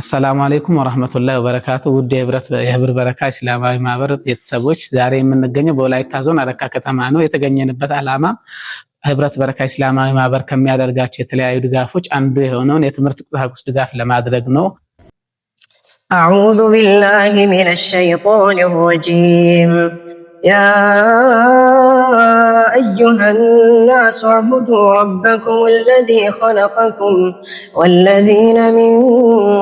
አሰላሙ አለይኩም ወራህመቱላሂ ወበረካቱ። ውድ የህብር በረካ እስላማዊ ማህበር ቤተሰቦች ዛሬ የምንገኘው በወላይታ ዞን አረካ ከተማ ነው። የተገኘንበት ዓላማ ህብረት በረካ እስላማዊ ማህበር ከሚያደርጋቸው የተለያዩ ድጋፎች አንዱ የሆነውን የትምህርት ቁሳቁስ ድጋፍ ለማድረግ ነው። አዑዙ ቢላሂ ሚነ ሸይጣኒ ረጂም أيها الناس اعبدوا ربكم الذي خلقكم والذين من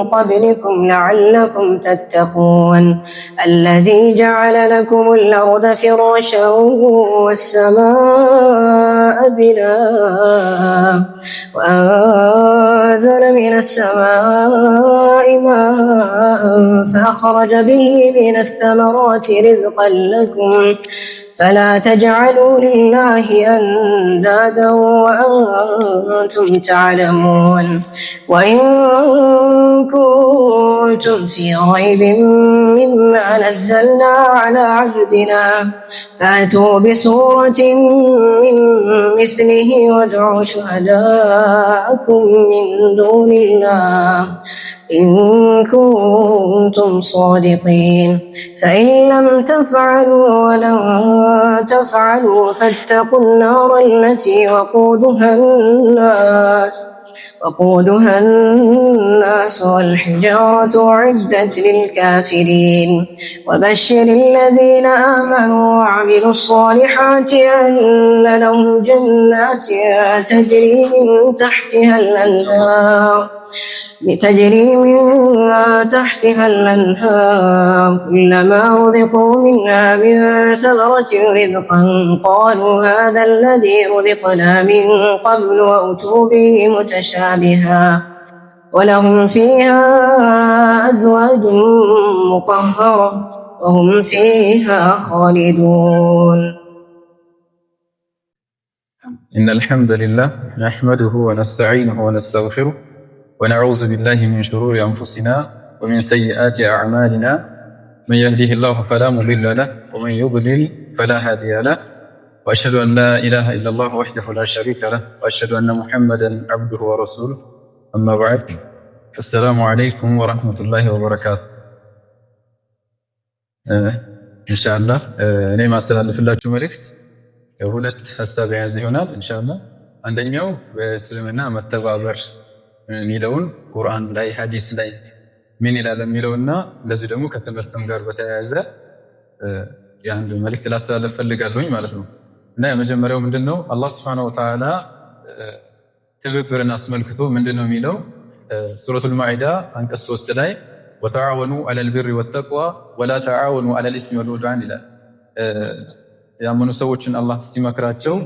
قبلكم لعلكم تتقون الذي جعل لكم الأرض فراشا والسماء بناء وأنزل من السماء ماء فأخرج به من الثمرات رزقا لكم فلا تجعلوا لله أندادا وأنتم تعلمون وإن كنتم في ريب مما نزلنا على عبدنا فأتوا بسورة من مثله وادعوا شهداءكم من دون الله إن كنتم صادقين فإن لم تفعلوا ولن تفعلوا فاتقوا النار التي وقودها الناس وقودها الناس والحجارة أعدت للكافرين وبشر الذين آمنوا وعملوا الصالحات أن لهم جنات تجري من تحتها الأنهار لتجري من تحتها الأنهار كلما رزقوا منها من ثمرة رزقا قالوا هذا الذي رزقنا من قبل وأتوا به متشابها بها ولهم فيها أزواج مطهرة وهم فيها خالدون إن الحمد لله نحمده ونستعينه ونستغفره ونعوذ بالله من شرور أنفسنا ومن سيئات أعمالنا من يهده الله فلا مضل له ومن يضلل فلا هادي له وأشهد أن لا إله إلا الله وحده لا شريك له وأشهد أن محمدا عبده ورسوله أما بعد السلام عليكم ورحمة الله وبركاته እንሻላ እኔ ማስተላለፍላችሁ መልእክት ሁለት ሀሳብ የያዘ ይሆናል። እንሻላ አንደኛው በእስልምና መተባበር የሚለውን ቁርአን ላይ ሀዲስ ላይ ምን ይላል የሚለውና ለዚህ ደግሞ ከትምህርትም ጋር በተያያዘ የአንድ መልእክት ላስተላለፍ ፈልጋለሁኝ ማለት ነው። እና የመጀመሪያው ምንድን ነው አላህ ስብሐነሁ ወተዓላ ትብብርን አስመልክቶ ምንድን ነው የሚለው ሱረቱል ማኢዳ አንቀጽ ሶስት ላይ ወተዓወኑ አለል ቢሪ ወተቅዋ ወላ ተዓወኑ አለል ኢስሚ ወልዑድዋን ይላል። ያመኑ ሰዎችን አላህ ሲመክራቸው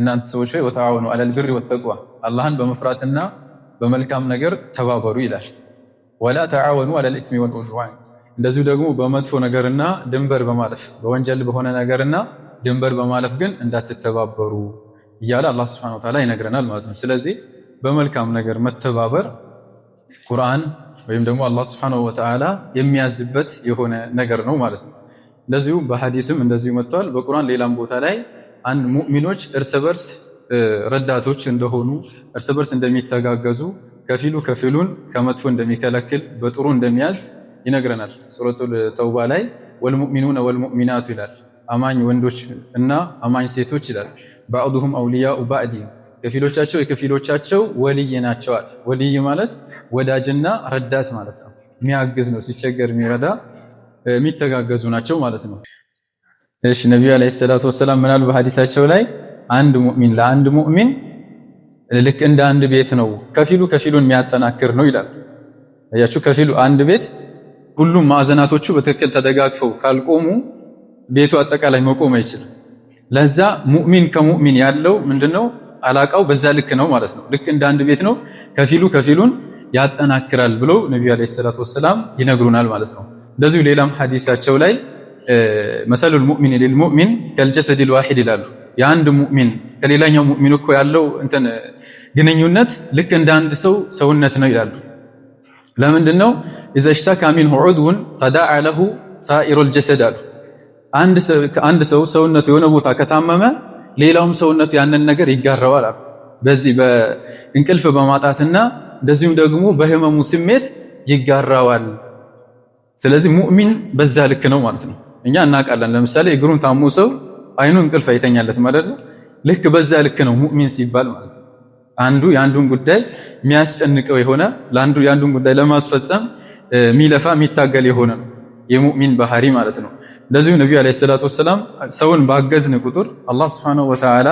እናንተ ሰዎች ሆይ ወተዓወኑ አለል ቢሪ ወተቅዋ አላህን በመፍራትና በመልካም ነገር ተባበሩ ይላል። ወላ ተዓወኑ አለል ኢስሚ ወልዑድዋን እንደዚሁ ደግሞ በመጥፎ ነገርና ድንበር በማለፍ በወንጀል በሆነ ነገርና ድንበር በማለፍ ግን እንዳትተባበሩ እያለ አላህ ስብሐነሁ ወተዓላ ይነግረናል ማለት ነው። ስለዚህ በመልካም ነገር መተባበር ቁርአን ወይም ደግሞ አላህ ስብሐነሁ ወተዓላ የሚያዝበት የሆነ ነገር ነው ማለት ነው። እንደዚሁ በሐዲስም እንደዚሁ መጥቷል። በቁርአን ሌላም ቦታ ላይ አንድ ሙእሚኖች እርስ በርስ ረዳቶች እንደሆኑ እርስ በርስ እንደሚተጋገዙ ከፊሉ ከፊሉን ከመጥፎ እንደሚከለክል በጥሩ እንደሚያዝ ይነግረናል። ሱረቱል ተውባ ላይ ወልሙእሚኑነ ወልሙእሚናቱ ይላል። አማኝ ወንዶች እና አማኝ ሴቶች ይላል። ባዕዱሁም አውሊያ ባዕድ ከፊሎቻቸው የከፊሎቻቸው ወልይ ናቸዋል። ወልይ ማለት ወዳጅና ረዳት ማለት ነው። የሚያግዝ ነው፣ ሲቸገር የሚረዳ የሚተጋገዙ ናቸው ማለት ነው። እሺ ነቢዩ ዓለይሂ ሰላቱ ወሰላም ምናሉ በሐዲሳቸው ላይ አንድ ሙእሚን ለአንድ ሙእሚን ልክ እንደ አንድ ቤት ነው፣ ከፊሉ ከፊሉን የሚያጠናክር ነው ይላል። አያችሁ ከፊሉ አንድ ቤት ሁሉም ማዕዘናቶቹ በትክክል ተደጋግፈው ካልቆሙ ቤቱ አጠቃላይ መቆም አይችልም። ለዛ ሙእሚን ከሙእሚን ያለው ምንድነው አላቃው በዛ ልክ ነው ማለት ነው። ልክ እንደ አንድ ቤት ነው፣ ከፊሉ ከፊሉን ያጠናክራል ብሎ ነቢዩ ዓለይሂ ሰላቱ ወሰላም ይነግሩናል ማለት ነው። እንደዚሁ ሌላም ሐዲሳቸው ላይ መሰሉል ሙእሚን ሊልሙእሚን ከልጀሰድል ዋሂድ ይላሉ። የአንድ ሙእሚን ከሌላኛው ሙእሚን እኮ ያለው እንትን ግንኙነት ልክ እንደ አንድ ሰው ሰውነት ነው ይላሉ። ለምንድን ነው ኢዘ ሽተካ ሚንሁ ዑድውን ተዳዓ ለሁ ሳኢሩል ጀሰድ አሉ አንድ ሰው ሰውነቱ የሆነ ቦታ ከታመመ ሌላውም ሰውነቱ ያንን ነገር ይጋራዋል። በዚህ በእንቅልፍ በማጣትና እንደዚሁም ደግሞ በህመሙ ስሜት ይጋራዋል። ስለዚህ ሙእሚን በዛ ልክ ነው ማለት ነው። እኛ እናውቃለን። ለምሳሌ እግሩን ታሞ ሰው አይኑ እንቅልፍ አይተኛለት ማለት ነው። ልክ በዛ ልክ ነው ሙእሚን ሲባል ማለት ነው። አንዱ የአንዱን ጉዳይ የሚያስጨንቀው የሆነ ለአንዱ የአንዱን ጉዳይ ለማስፈጸም የሚለፋ የሚታገል የሆነ ነው የሙእሚን ባህሪ ማለት ነው። እንደዚሁ ነቢዩ ዓለይሂ ሰላቱ ወሰላም ሰውን ባገዝን ቁጥር አላህ ሱብሓነሁ ወተዓላ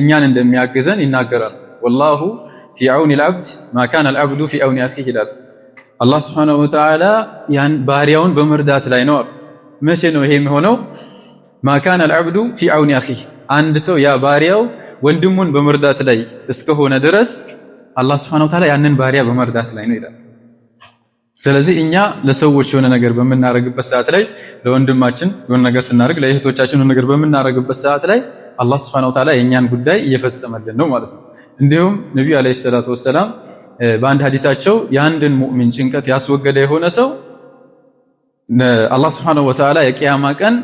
እኛን እንደሚያገዘን ይናገራል። ወላሁ ፊ ዐውኒ ልዓብድ ማ ካነ ልዓብዱ ፊ አውኒ አኺህ ይላል። አላህ ሱብሓነሁ ወተዓላ ያን ባሪያውን በመርዳት ላይ ነው። መቼ ነው ይሄ የሚሆነው? ማ ካነ ልዓብዱ ፊ ዐውኒ አኺህ፣ አንድ ሰው ያ ባሪያው ወንድሙን በመርዳት ላይ እስከሆነ ድረስ አላህ ሱብሓነሁ ወተዓላ ያንን ባሪያ በመርዳት ላይ ነው ይላል። ስለዚህ እኛ ለሰዎች የሆነ ነገር በምናደርግበት ሰዓት ላይ ለወንድማችን የሆነ ነገር ስናደርግ፣ ለእህቶቻችን የሆነ ነገር በምናደርግበት ሰዓት ላይ አላህ ሱብሓነሁ ወተዓላ የእኛን ጉዳይ እየፈጸመልን ነው ማለት ነው። እንዲሁም ነቢዩ ዓለይሂ ሰላቱ ወሰላም በአንድ ሀዲሳቸው የአንድን ሙእሚን ጭንቀት ያስወገደ የሆነ ሰው አላህ ሱብሓነሁ ወተዓላ የቅያማ ቀን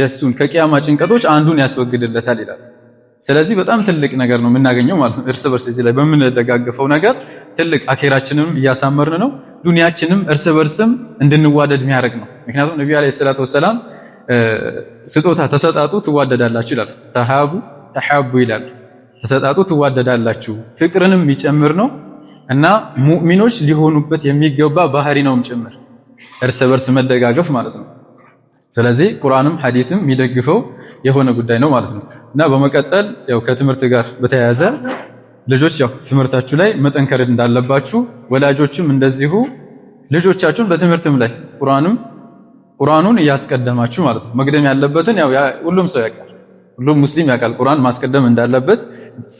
የእሱን ከቅያማ ጭንቀቶች አንዱን ያስወግድለታል ይላል። ስለዚህ በጣም ትልቅ ነገር ነው የምናገኘው ማለት ነው። እርስ በርስ እዚህ ላይ በምንደጋግፈው ነገር ትልቅ አኼራችንም እያሳመርን ነው፣ ዱንያችንም እርስ በርስም እንድንዋደድ የሚያደርግ ነው። ምክንያቱም ነቢዩ ዓለይሂ ሰላቱ ወሰላም ስጦታ ተሰጣጡ ትዋደዳላችሁ ይላል። ተሃቡ ተሓቡ ይላል። ተሰጣጡ ትዋደዳላችሁ ፍቅርንም የሚጨምር ነው እና ሙእሚኖች ሊሆኑበት የሚገባ ባህሪ ነውም ጭምር እርስ በርስ መደጋገፍ ማለት ነው። ስለዚህ ቁርአንም ሐዲስም የሚደግፈው የሆነ ጉዳይ ነው ማለት ነው። እና በመቀጠል ያው ከትምህርት ጋር በተያያዘ ልጆች ያው ትምህርታችሁ ላይ መጠንከር እንዳለባችሁ፣ ወላጆችም እንደዚሁ ልጆቻችሁን በትምህርትም ላይ ቁርአንም ቁርአኑን እያስቀደማችሁ ማለት ነው። መቅደም ያለበትን ያው ሁሉም ሰው ያውቃል፣ ሁሉም ሙስሊም ያውቃል ቁርአን ማስቀደም እንዳለበት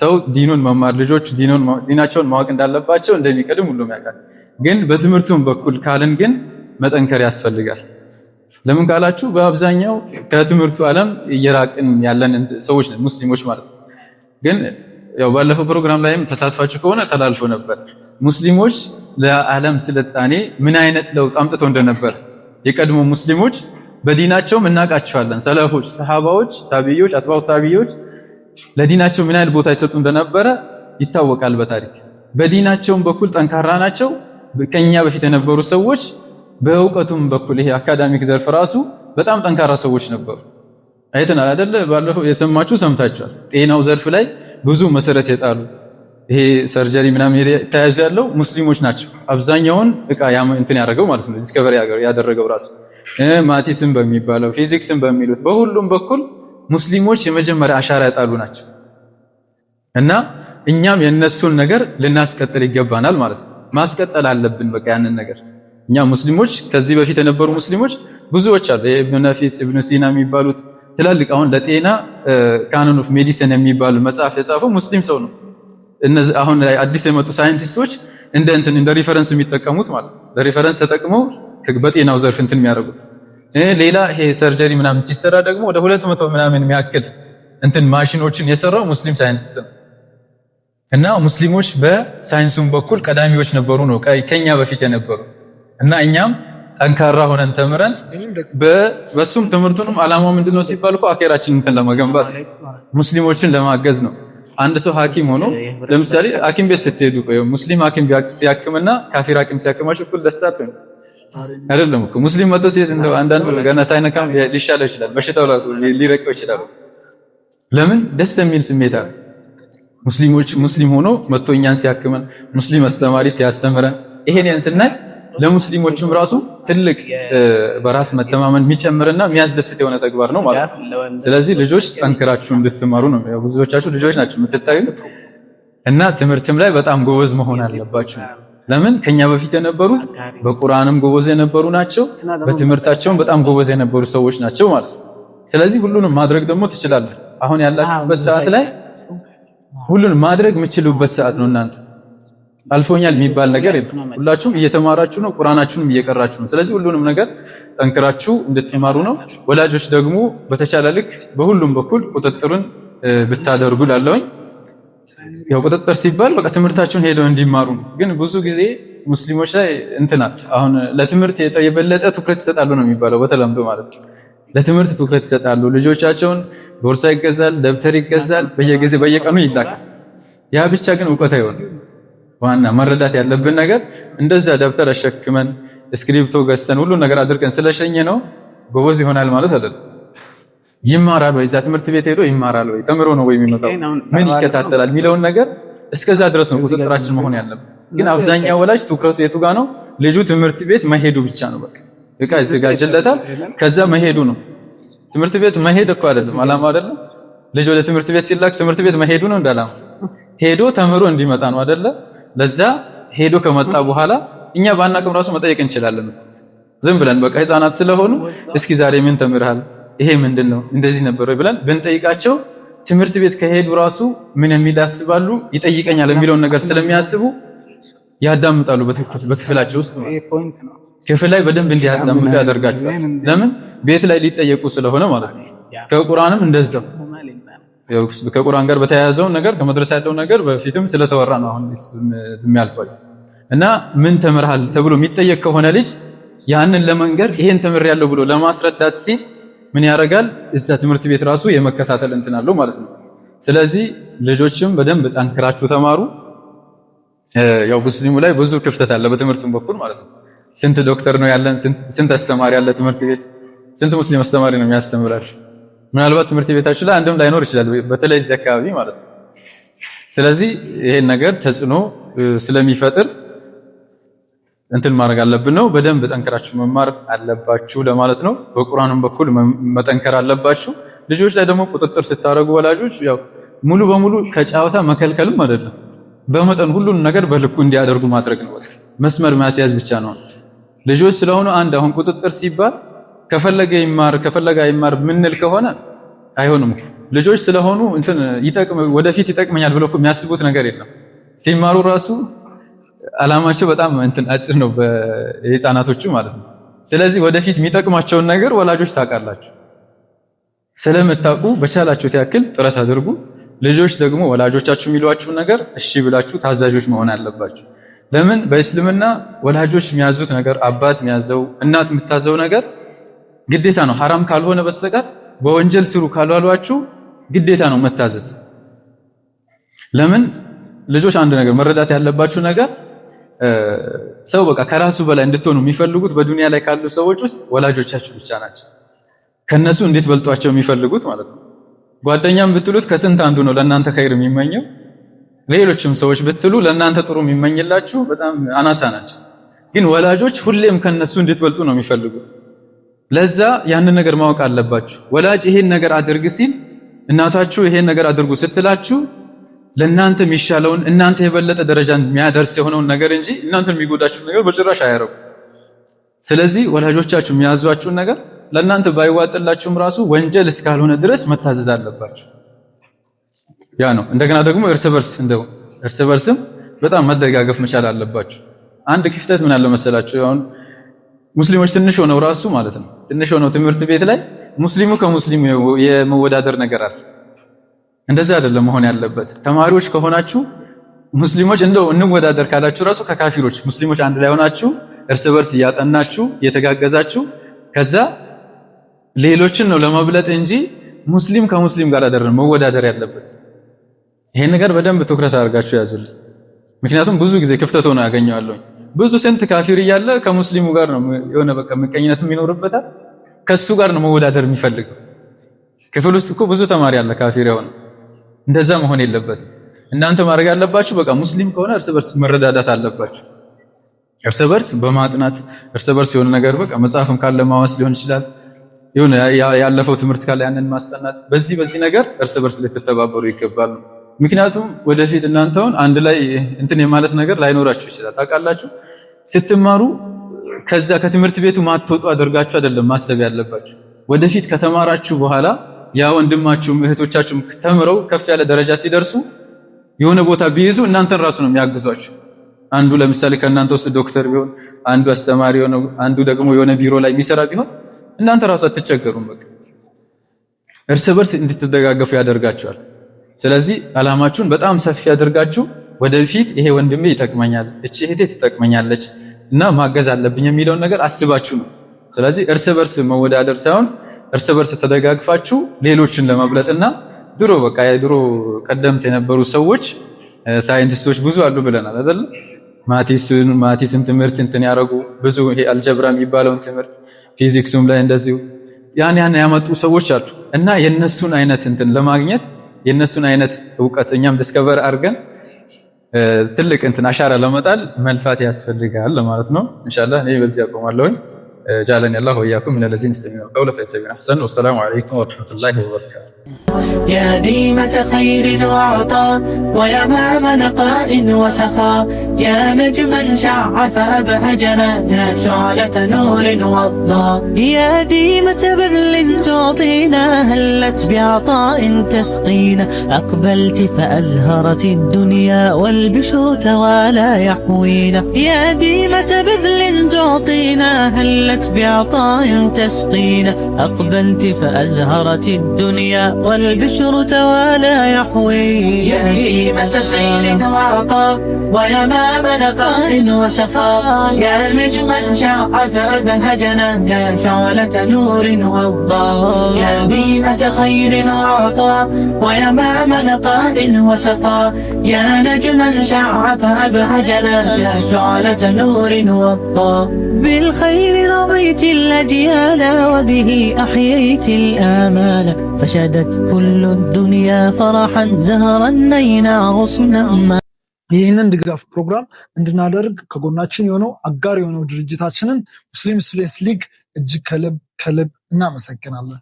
ሰው ዲኑን መማር ልጆች ዲናቸውን ማወቅ እንዳለባቸው እንደሚቀድም ሁሉም ያውቃል። ግን በትምህርቱም በኩል ካልን ግን መጠንከር ያስፈልጋል። ለምን ካላችሁ በአብዛኛው ከትምህርቱ ዓለም እየራቅን ያለን ሰዎች ነን ሙስሊሞች ማለት ነው። ግን ያው ባለፈው ፕሮግራም ላይም ተሳትፋችሁ ከሆነ ተላልፎ ነበር። ሙስሊሞች ለዓለም ስልጣኔ ምን አይነት ለውጥ አምጥተው እንደነበር የቀድሞ ሙስሊሞች በዲናቸውም እናውቃቸዋለን። ሰለፎች፣ ሰሃባዎች፣ ታቢዮች፣ አትባው ታቢዮች ለዲናቸው ምን አይነት ቦታ ይሰጡ እንደነበረ ይታወቃል በታሪክ በዲናቸውም በኩል ጠንካራ ናቸው። ከኛ በፊት የነበሩ ሰዎች በእውቀቱም በኩል ይሄ አካዳሚክ ዘርፍ ራሱ በጣም ጠንካራ ሰዎች ነበሩ። አይተናል አይደለ? ባለፈው የሰማችሁ ሰምታችኋል። ጤናው ዘርፍ ላይ ብዙ መሰረት የጣሉ ይሄ ሰርጀሪ ምናምን ተያያዥ ያለው ሙስሊሞች ናቸው። አብዛኛውን እቃ እንትን ያደረገው ማለት ነው ዲስከቨሪ ያደረገው ራሱ ማቲስም በሚባለው ፊዚክስም በሚሉት በሁሉም በኩል ሙስሊሞች የመጀመሪያ አሻራ ያጣሉ ናቸው እና እኛም የእነሱን ነገር ልናስቀጥል ይገባናል ማለት ነው። ማስቀጠል አለብን በቃ ያንን ነገር እኛ ሙስሊሞች ከዚህ በፊት የነበሩ ሙስሊሞች ብዙዎች አሉ። ኢብኑ ነፊስ፣ ኢብኑ ሲና የሚባሉት ትላልቅ አሁን ለጤና ካኖን ኦፍ ሜዲሲን የሚባሉ መጽሐፍ የጻፉ ሙስሊም ሰው ነው። እነዚህ አሁን ላይ አዲስ የመጡ ሳይንቲስቶች እንደ እንትን እንደ ሪፈረንስ የሚጠቀሙት ማለት በሪፈረንስ ተጠቅመው በጤናው ዘርፍ እንትን የሚያደርጉት ሌላ ይሄ ሰርጀሪ ምናምን ሲሰራ ደግሞ ወደ ሁለት መቶ ምናምን የሚያክል እንትን ማሽኖችን የሰራው ሙስሊም ሳይንቲስት ነው። እና ሙስሊሞች በሳይንሱም በኩል ቀዳሚዎች ነበሩ ነው ከኛ በፊት የነበሩት እና እኛም ጠንካራ ሆነን ተምረን በሱም ትምህርቱንም አላማው ምንድነው ሲባል እኮ አኼራችንን እንትን ለመገንባት ሙስሊሞችን ለማገዝ ነው። አንድ ሰው ሐኪም ሆኖ ለምሳሌ ሐኪም ቤት ስትሄዱ ቆዩ ሙስሊም ሐኪም ሲያክምና ካፊር ሐኪም ሲያክማቸው እኩል ደስታት ነው አይደለም እኮ ሙስሊም መጥቶ ሲስ እንደው አንዳንዱ ገና ሳይነካም ሊሻለው ይችላል፣ በሽታው ራሱ ሊረቀው ይችላል። ለምን ደስ የሚል ስሜት አለ። ሙስሊሞች ሙስሊም ሆኖ መጥቶ እኛን ሲያክመን፣ ሙስሊም አስተማሪ ሲያስተምረን ይሄንን ስናይ ለሙስሊሞችም ራሱ ትልቅ በራስ መተማመን የሚጨምርና የሚያስደስት የሆነ ተግባር ነው ማለት ነው። ስለዚህ ልጆች ጠንክራችሁ እንድትማሩ ነው። ብዙዎቻችሁ ልጆች ናቸው የምትታዩት እና ትምህርትም ላይ በጣም ጎበዝ መሆን አለባችሁ። ለምን ከኛ በፊት የነበሩት በቁርአንም ጎበዝ የነበሩ ናቸው፣ በትምህርታቸውም በጣም ጎበዝ የነበሩ ሰዎች ናቸው ማለት ነው። ስለዚህ ሁሉንም ማድረግ ደግሞ ትችላለህ። አሁን ያላችሁበት ሰዓት ላይ ሁሉንም ማድረግ የምችሉበት ሰዓት ነው እናንተ አልፎኛል የሚባል ነገር ሁላችሁም እየተማራችሁ ነው፣ ቁርአናችሁንም እየቀራችሁ ነው። ስለዚህ ሁሉንም ነገር ጠንክራችሁ እንድትማሩ ነው። ወላጆች ደግሞ በተቻለ ልክ በሁሉም በኩል ቁጥጥሩን ብታደርጉ ላለውኝ ያው ቁጥጥር ሲባል በቃ ትምህርታችሁን ሄደው እንዲማሩ ነው። ግን ብዙ ጊዜ ሙስሊሞች ላይ እንትና አሁን ለትምህርት የበለጠ ትኩረት ይሰጣሉ ነው የሚባለው በተለምዶ ማለት ነው። ለትምህርት ትኩረት ይሰጣሉ። ልጆቻቸውን ቦርሳ ይገዛል፣ ደብተር ይገዛል፣ በየጊዜ በየቀኑ ይላካል። ያ ብቻ ግን እውቀት አይሆንም። ዋና መረዳት ያለብን ነገር እንደዛ ደብተር አሸክመን እስክሪፕቶ ገዝተን ሁሉ ነገር አድርገን ስለሸኘ ነው ጎበዝ ይሆናል ማለት አይደለም። ይማራል ወይ? እዛ ትምህርት ቤት ሄዶ ይማራል ወይ? ተምሮ ነው ወይ የሚመጣው? ምን ይከታተላል የሚለውን ነገር እስከዛ ድረስ ነው ቁጥጥራችን መሆን ያለብን። ግን አብዛኛው ወላጅ ትኩረቱ የቱ ጋር ነው? ልጁ ትምህርት ቤት መሄዱ ብቻ ነው። በቃ በቃ ይዘጋጅለታል፣ ከዛ መሄዱ ነው። ትምህርት ቤት መሄድ እኮ አይደለም አላማ አይደለም። ልጅ ወደ ትምህርት ቤት ሲላክ ትምህርት ቤት መሄዱ ነው እንዳላማ፣ ሄዶ ተምሮ እንዲመጣ ነው አይደለም። ለዛ ሄዶ ከመጣ በኋላ እኛ ባናቅም ራሱ መጠየቅ እንችላለን። ዝም ብለን በቃ ህፃናት ስለሆኑ እስኪ ዛሬ ምን ተምርሃል? ይሄ ምንድን ነው? እንደዚህ ነበር ብለን ብንጠይቃቸው ትምህርት ቤት ከሄዱ ራሱ ምን የሚል ያስባሉ፣ ይጠይቀኛል የሚለውን ነገር ስለሚያስቡ ያዳምጣሉ። በክፍላቸው ውስጥ ክፍል ላይ በደንብ እንዲያዳምጡ ያደርጋቸዋል። ለምን ቤት ላይ ሊጠየቁ ስለሆነ ማለት ነው። ከቁርአንም እንደዛው ከቁርአን ጋር በተያያዘውን ነገር ከመድረስ ያለው ነገር በፊትም ስለተወራ ነው አሁን ዝም ያልኳል። እና ምን ተምርሃል ተብሎ የሚጠየቅ ከሆነ ልጅ ያንን ለመንገር ይሄን ተምር ያለው ብሎ ለማስረዳት ሲል ምን ያደርጋል? እዛ ትምህርት ቤት ራሱ የመከታተል እንትን አለው ማለት ነው። ስለዚህ ልጆችም በደንብ ጠንክራችሁ ተማሩ። ያው ሙስሊሙ ላይ ብዙ ክፍተት አለ በትምህርቱም በኩል ማለት ነው። ስንት ዶክተር ነው ያለን? ስንት አስተማሪ ያለ ትምህርት ቤት? ስንት ሙስሊም አስተማሪ ነው የሚያስተምራችሁ? ምናልባት ትምህርት ቤታችን ላይ አንድም ላይኖር ይችላል፣ በተለይ እዚህ አካባቢ ማለት ነው። ስለዚህ ይሄን ነገር ተጽዕኖ ስለሚፈጥር እንትን ማድረግ አለብን ነው። በደንብ ጠንከራችሁ መማር አለባችሁ ለማለት ነው። በቁርአንም በኩል መጠንከር አለባችሁ። ልጆች ላይ ደግሞ ቁጥጥር ስታደርጉ ወላጆች ያው ሙሉ በሙሉ ከጨዋታ መከልከልም አይደለም፣ በመጠን ሁሉን ነገር በልኩ እንዲያደርጉ ማድረግ ነው። መስመር ማስያዝ ብቻ ነው ልጆች ስለሆኑ አንድ አሁን ቁጥጥር ሲባል ከፈለገ ይማር ከፈለገ አይማር ምንል ከሆነ አይሆንም። ልጆች ስለሆኑ እንትን ወደፊት ይጠቅመኛል ብለው የሚያስቡት ነገር የለም። ሲማሩ ራሱ አላማቸው በጣም እንትን አጭር ነው፣ የህፃናቶቹ ማለት ነው። ስለዚህ ወደፊት የሚጠቅማቸውን ነገር ወላጆች ታውቃላችሁ። ስለምታውቁ በቻላችሁት ያክል ጥረት አድርጉ። ልጆች ደግሞ ወላጆቻችሁ የሚሏችሁን ነገር እሺ ብላችሁ ታዛዦች መሆን አለባችሁ። ለምን በእስልምና ወላጆች የሚያዙት ነገር አባት የሚያዘው እናት የምታዘው ነገር ግዴታ ነው። ሐራም ካልሆነ በስተቀር በወንጀል ስሩ ካልዋሏችሁ ግዴታ ነው መታዘዝ። ለምን ልጆች አንድ ነገር መረዳት ያለባችሁ ነገር ሰው በቃ ከራሱ በላይ እንድትሆኑ የሚፈልጉት በዱንያ ላይ ካሉ ሰዎች ውስጥ ወላጆቻችሁ ብቻ ናቸው። ከነሱ እንዴት በልጧቸው የሚፈልጉት ማለት ነው። ጓደኛም ብትሉት ከስንት አንዱ ነው ለእናንተ ኸይር የሚመኘው። ሌሎችም ሰዎች ብትሉ ለእናንተ ጥሩ የሚመኝላችሁ በጣም አናሳ ናቸው። ግን ወላጆች ሁሌም ከነሱ እንድትበልጡ ነው የሚፈልጉት። ለዛ ያንን ነገር ማወቅ አለባችሁ። ወላጅ ይሄን ነገር አድርግ ሲል እናታችሁ ይሄን ነገር አድርጉ ስትላችሁ ለእናንተ የሚሻለውን እናንተ የበለጠ ደረጃ የሚያደርስ የሆነውን ነገር እንጂ እናንተ የሚጎዳችሁን ነገር በጭራሽ አያረጉ። ስለዚህ ወላጆቻችሁ የሚያዟችሁን ነገር ለእናንተ ባይዋጥላችሁም ራሱ ወንጀል እስካልሆነ ድረስ መታዘዝ አለባችሁ። ያ ነው። እንደገና ደግሞ እርስ በርስ እንደው እርስ በርስም በጣም መደጋገፍ መቻል አለባችሁ። አንድ ክፍተት ምን አለ መሰላችሁ አሁን ሙስሊሞች ትንሽ ሆነው ራሱ ማለት ነው ትንሽ ሆነው ትምህርት ቤት ላይ ሙስሊሙ ከሙስሊሙ የመወዳደር ነገር አለ። እንደዚህ አይደለም መሆን ያለበት። ተማሪዎች ከሆናችሁ ሙስሊሞች እንደው እንወዳደር ካላችሁ ራሱ ከካፊሮች ሙስሊሞች አንድ ላይ ሆናችሁ እርስ በርስ እያጠናችሁ እየተጋገዛችሁ ከዛ ሌሎችን ነው ለመብለጥ እንጂ ሙስሊም ከሙስሊም ጋር አይደለም መወዳደር ያለበት። ይሄን ነገር በደንብ ትኩረት አድርጋችሁ ያዙልን። ምክንያቱም ብዙ ጊዜ ክፍተት ሆኖ ያገኘዋለሁ። ብዙ ስንት ካፊር እያለ ከሙስሊሙ ጋር ነው የሆነ በቃ ምቀኝነት የሚኖርበታል። ከሱ ጋር ነው መወዳደር የሚፈልገው። ክፍል ውስጥ እኮ ብዙ ተማሪ አለ ካፊር የሆነ እንደዛ መሆን የለበትም። እናንተ ማድረግ ያለባችሁ በቃ ሙስሊም ከሆነ እርስ በርስ መረዳዳት አለባችሁ። እርስ በርስ በማጥናት እርስ በርስ የሆነ ነገር በቃ መጽሐፍም ካለ ማዋስ ሊሆን ይችላል ያለፈው ትምህርት ካለ ያንን ማስጠናት፣ በዚህ በዚህ ነገር እርስ በርስ ልትተባበሩ ይገባል። ምክንያቱም ወደፊት እናንተውን አንድ ላይ እንትን የማለት ነገር ላይኖራችሁ ይችላል። ታውቃላችሁ ስትማሩ ከዛ ከትምህርት ቤቱ ማትወጡ አድርጋችሁ አይደለም ማሰብ ያለባችሁ። ወደፊት ከተማራችሁ በኋላ ያ ወንድማችሁም እህቶቻችሁም ተምረው ከፍ ያለ ደረጃ ሲደርሱ የሆነ ቦታ ቢይዙ እናንተን ራሱ ነው የሚያግዟችሁ። አንዱ ለምሳሌ ከእናንተ ውስጥ ዶክተር ቢሆን አንዱ አስተማሪ ሆነ አንዱ ደግሞ የሆነ ቢሮ ላይ የሚሰራ ቢሆን እናንተ ራሱ አትቸገሩም። በቃ እርስ በርስ እንድትደጋገፉ ያደርጋችኋል። ስለዚህ አላማችሁን በጣም ሰፊ አድርጋችሁ ወደፊት ይሄ ወንድሜ ይጠቅመኛል፣ እቺ እህቴ ትጠቅመኛለች እና ማገዝ አለብኝ የሚለውን ነገር አስባችሁ ነው። ስለዚህ እርስ በርስ መወዳደር ሳይሆን እርስ በርስ ተደጋግፋችሁ ሌሎችን ለማብለጥና ድሮ በቃ የድሮ ቀደምት የነበሩ ሰዎች ሳይንቲስቶች ብዙ አሉ ብለናል አይደል? ማቲስን ማቲስን ትምህርት እንትን ያደረጉ ብዙ ይሄ አልጀብራ የሚባለውን ትምህርት ፊዚክሱም ላይ እንደዚሁ ያን ያን ያመጡ ሰዎች አሉ እና የነሱን አይነት እንትን ለማግኘት የእነሱን አይነት እውቀት እኛም ዲስከቨር አድርገን ትልቅ እንትን አሻራ ለመጣል መልፋት ያስፈልጋል ማለት ነው። ኢንሻአላህ እኔ በዚህ አቆማለሁኝ። ጃለን ያላሁ ወያኩም ለለዚን ስተሚዑ ቀውለ ፈተቢዑ አሕሰን። ወሰላሙ አለይኩም ወረሕመቱላሂ ወበረካቱ يا ديمة خير وعطاء ويا معم نقاء وسخاء يا نجما شع فأبهجنا يا شعلة نور وضاء يا ديمة بذل تعطينا هلت بعطاء تسقينا أقبلت فأزهرت الدنيا والبشر توالى يحوينا يا ديمة بذل تعطينا هلت بعطاء تسقينا أقبلت فأزهرت الدنيا والبشر توالى يحوي يهيمة خيل وعطاء ويمام نقاء وسخاء يا نجما شعف فأبهجنا يا شعلة نور وضاء يا بيمة خير وعطاء ويمام نقاء وسخاء يا نجما شعف فأبهجنا يا شعلة نور وضاء بالخير رضيت الأجيال وبه أحييت الآمال كل الدنيا فرحا ፈራሐን ዘህረን غصنا ما ይህንን ድጋፍ ፕሮግራም እንድናደርግ ከጎናችን የሆነው አጋር የሆነው ድርጅታችንን ሙስሊም ስቱደንትስ ሊግ እጅግ ከልብ ከልብ እናመሰግናለን።